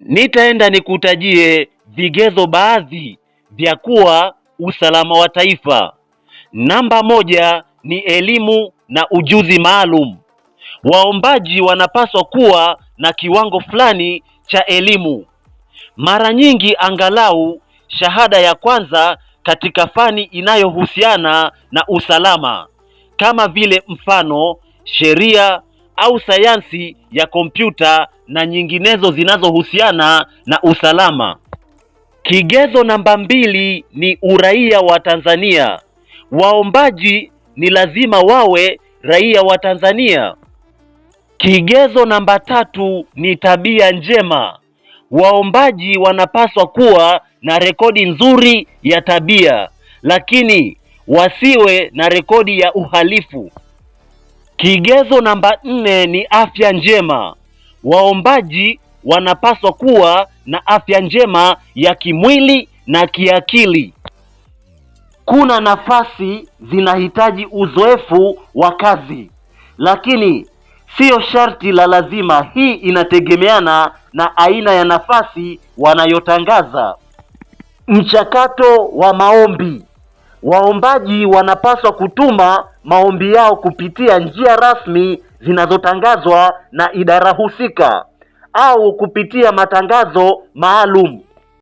Nitaenda nikutajie vigezo baadhi vya kuwa usalama wa taifa. Namba moja ni elimu na ujuzi maalum. Waombaji wanapaswa kuwa na kiwango fulani cha elimu, mara nyingi angalau shahada ya kwanza katika fani inayohusiana na usalama, kama vile mfano sheria au sayansi ya kompyuta na nyinginezo zinazohusiana na usalama. Kigezo namba mbili ni uraia wa Tanzania. Waombaji ni lazima wawe raia wa Tanzania. Kigezo namba tatu ni tabia njema. Waombaji wanapaswa kuwa na rekodi nzuri ya tabia, lakini wasiwe na rekodi ya uhalifu. Kigezo namba nne ni afya njema waombaji wanapaswa kuwa na afya njema ya kimwili na kiakili. Kuna nafasi zinahitaji uzoefu wa kazi, lakini siyo sharti la lazima. Hii inategemeana na aina ya nafasi wanayotangaza. Mchakato wa maombi. Waombaji wanapaswa kutuma maombi yao kupitia njia rasmi zinazotangazwa na idara husika au kupitia matangazo maalum.